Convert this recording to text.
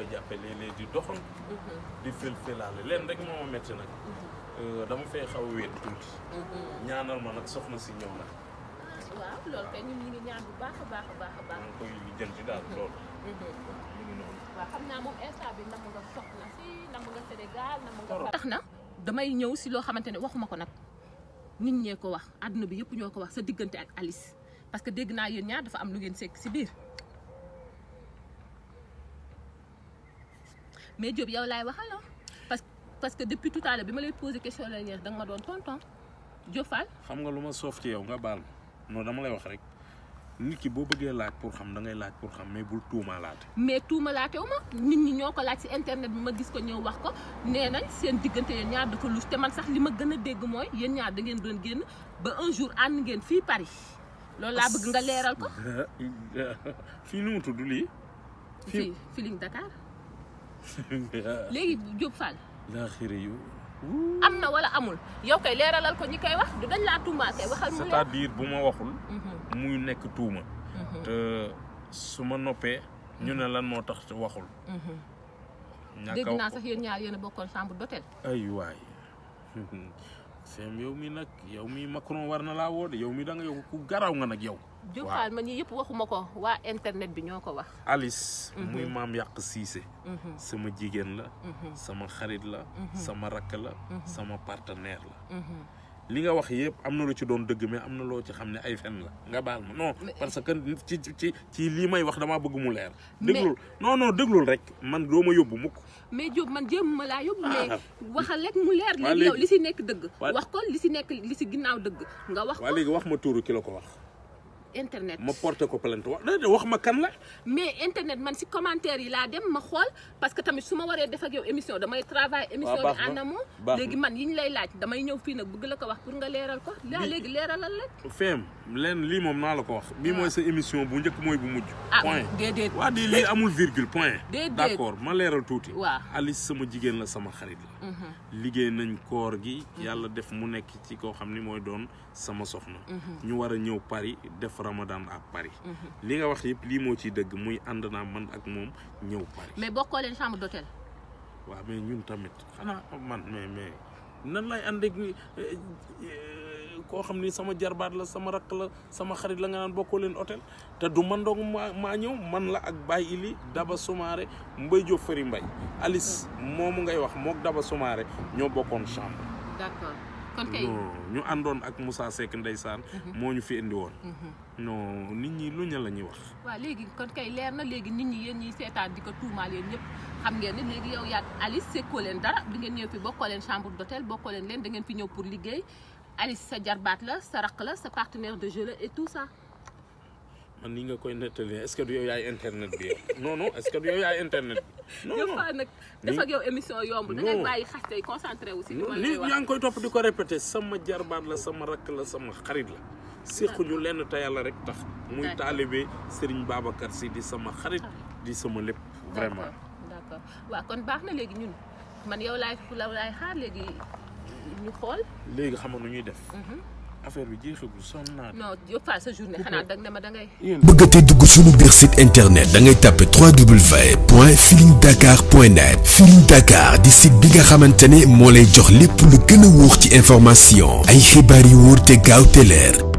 koy jàppee léeg-léeg di doxantu. Mhm. di filfilaale leen rek moo ma métti nag. Mhm. Euh, dama fay xaw a wéet tuuti. Mhm. ñaanal ma nag soxna si ñëw nag. Ah, waaw loolu kay ñun ñu ngi ñaan bu baax a baax a baax a baax. ñu koy lijjanti daal loolu. ñu ngi noonu. waaw xam naa moom instant bi namm nga soxna si namm nga Sénégal namm nga. tax na damay ñëw si loo xamante ne waxuma ko nag nit ñee ko wax àdduna bi yëpp ñoo ko wax sa diggante ak Alice parce que dégg naa yéen ñaar dafa am lu ngeen sekk si biir. mais Diop yow laay waxal parce que parce que depuis tout à l'heure bi ma lay posé question la ñeex da nga ma doon tonton Diop Fall. xam nga lu ma soof ci yow nga baal ma non dama lay wax rek nit ki boo bëggee laaj pour xam da ngay laaj pour xam mais bul tuumalaate. mais tuumalaate wu ma nit ñi ñoo ko laaj si internet bi ma gis ko ñëw wax ko nee nañ seen diggante yéen ñaar dafa lus te man sax li ma gën a dégg mooy yéen ñaar da ngeen doon génn ba un jour ànd ngeen fii Paris. loolu laa bëgg nga leeral ko. fii nu lii. fii Feeling Dakar. léegi Diop Fall. laa yu. am na wala amul yow kay leeralal ko ñi koy wax du dañ laa tuumaatee waxal. mu c'est-à-dire bu ma waxul. Mhm. muy nekk tuuma. Mhm. te su ma noppee. ñu ne lan moo tax waxul. Mhm. ñàkk a dégg naa sax yéen ñaar yéen a bokkoon chambre ay waay. sëñ yow mi nag yow mi Macron war na laa woo de yow mi da nga yow ku garaw nga nag yow. waaw Diop Fall man yëpp waxuma ko waa internet bi ñoo ko wax. Alice. Mhm. muy maam yàq Cissé. Mhm. sama jigéen la. Mhm. sama xarit la. sama rakk la. sama partenaire la. li nga wax yëpp am na lu ci doon dëgg mais am na loo ci xam ne ay fen la nga baal ma non parce que ci ci ci lii may wax damaa bëgg mu leer déglul non non déglul rek man doo ma yóbbu mukk mais Diop man jéem ma laa yóbbu mais ah. waxal rek mu leer li si nekk dëgg wax ko li si nekk li si ginnaaw dëgg nga wax ko waaw léegi wax ma tuuru ki la ko wax internet ma porté ko plainte wax ma kan la. mais internet man si commentaire yi laa dem ma xool parce que tamit su ma waree def ak yow émission damay travail émission bi en amont léegi man yi ñu lay laaj damay ñëw fii nag bëgg la ko wax pour nga leeral ko. laa léegi leeralal la. feem leen lii moom naa la ko wax. bii ah. mooy sa émission bu njëkk mooy bu mujj. Ah, point déedéet waa di lii amul virgule point. déedéet d' accord ma leeral tuuti. waaw Alice sama jigéen la sama xarit la. Mhm. liggéey nañ koor gi. Mhm. mu nekk ci koo ni mooy doon sama soxna. Mhm. a Ramadan a Paris. li nga wax yëpp lii moo ciy dëgg muy ànd naa man ak moom ñëw Paris. mais bokkoo leen chambre d'hôtel. waaw mais ñun tamit ah. xanaa oh, man mais mais nan lay ànd ak eh, eh, koo xam ni sama jarbaat la sama rakk la sama xarit la nga naan bokkoo leen hôtel te du man dong maa ñëw man la ak Baye Ili Daba Soumaré Mbaye Diop Fary Mbaye Alice mm. moomu ngay wax mook Daba Soumaré ñoo bokkoon chambre. kon kay non ñu àndoon ak Moussa Seck ndeysaan. Mhm. moo ñu fi indi woon. Mhm. non nit ñi lu ñu la ñuy wax. waaw léegi kon kay leer na léegi nit ñi yéen seetaan di ko tuumaal yéen ñëpp xam ngeen ne léegi yow yaat Alice sekkoo leen dara bi ñëw fi bokkoo leen chambre d'hôtel bokkoo leen leen fi ñëw pour liggéey Alice sa jarbaat la sa raq la sa partenaire de jeu la et tout ça. man ni nga koy nettali est-ce que du yow yaay internet bi non non est-ce que du yow yaay internet bi. non non nag def ak yow émission yombul. da ngay bàyyi xas tey concentré wu si. li yaa ngi koy topp di ko répété sama jarbaat la sama rakk la sama xarit la. séquñu lenn te yàlla rek tax. muy taalibe Serigne Babacar si di sama xarit ah. di sama lépp. vraiment d'accord waaw kon baax na léegi ñun man yow laay laay xaar léegi ñu xool. léegi xam nga nu ñuy def. Mhm. affaire bi jeexagul sonn naa. non yëpp faa sa journée xanaa ma dangay. bëggatee dugg suñu biir site internet da ngay tàppe www.feelingdakar.net Feeling Dakar di site bi nga xamante ne moo lay jox lépp lu gën a wóor ci information ay xibaar yu wóor te gaaw te leer.